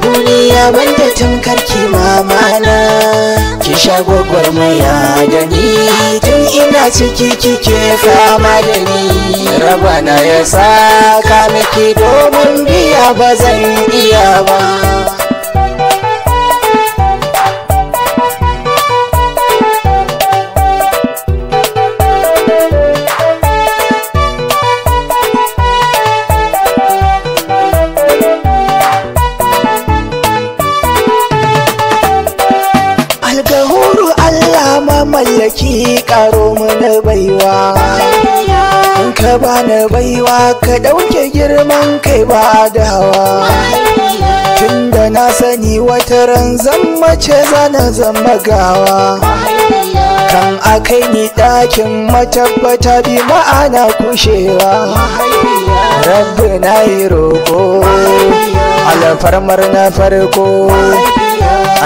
duniya banda tamkar ki mamana ki sha gwagwarmaya da ni tun ina ciki kike fama da ni rabana ya saka miki domin biya ba zan iya ba karo mana baiwa in ka bani baiwa ka ɗauke girman kai ba dawa tunda na sani wata ran zan mace zana zama gawa kan akai ni ɗakin matabbata bi ma'ana kushewa rabbi na yi roƙo alfarmar na farko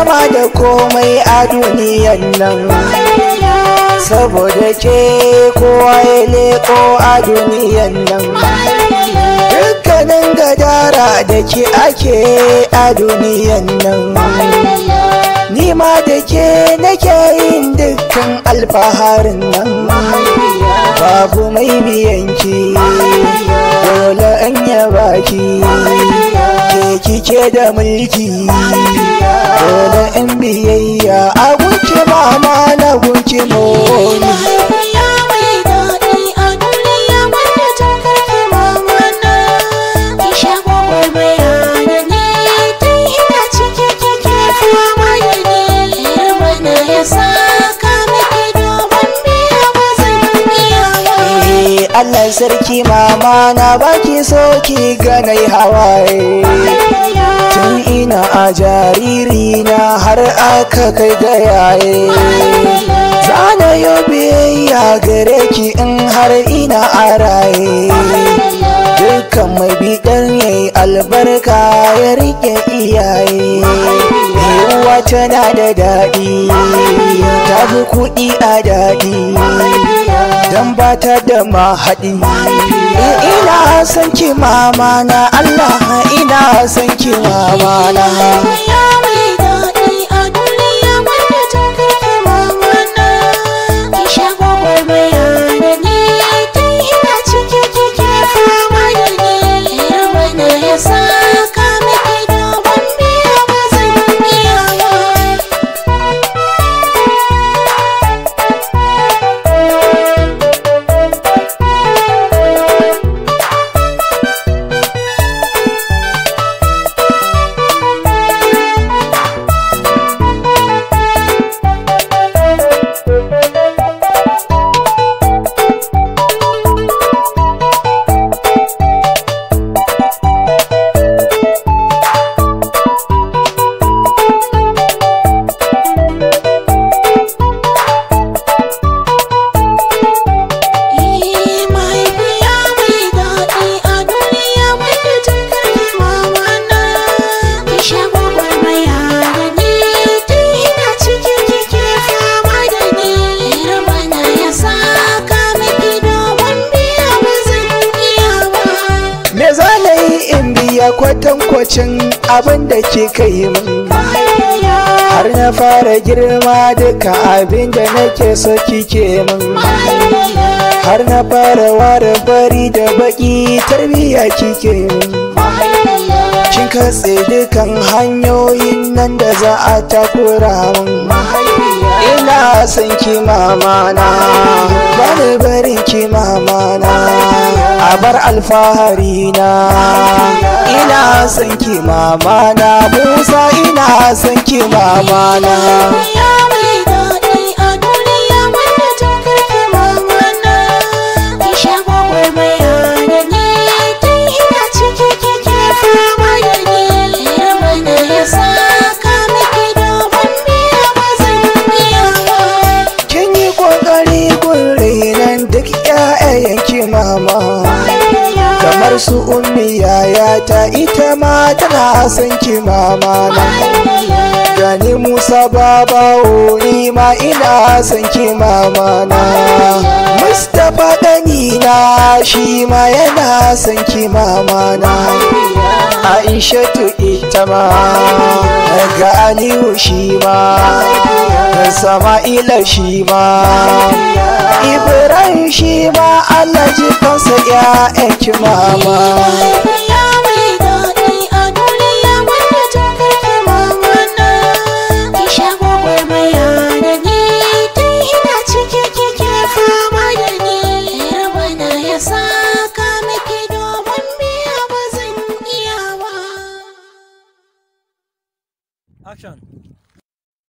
Sama da komai a duniyan nan saboda ke kowa ya leko a duniyan nan dukkanin gadara da ke ake a duniyan nan ni ma da ke nake yin dukkan alfaharin nan babu mai biyanki dole an yaba ki kike da mulki dole in biyayya a gunki mama na gunki momi sarki mama na baki so ki ganai hawaye tun ina a jariri na har aka kai ga yaye zana yo ya gare ki in har ina a raye dukkan mai bidan yayi albarka ya rike iyaye wata tana da daɗi ta fi kuɗi a daɗi don ba ta da mahaɗi ina sanki mama na Allah ina sanki mama na da kwatankwacin abin da ke yi min har na fara girma duka abin da nake so kike min har na fara ware bari da baki tarbiya kike min kin katse dukan hanyoyin nan da za a takura min ina son ki mamana bani barin ki mamana bar alfahari na ina son mama na musa ina son mama na tana son ki mama na gani musa babawo ni ma ina son ki mama na mustapha gani na shi ma yana son ki mama na aishatu ita ma ga aliyu shi ma Sama ila shi ma ibrahim shi ma allah jikansa ya'yan ki mama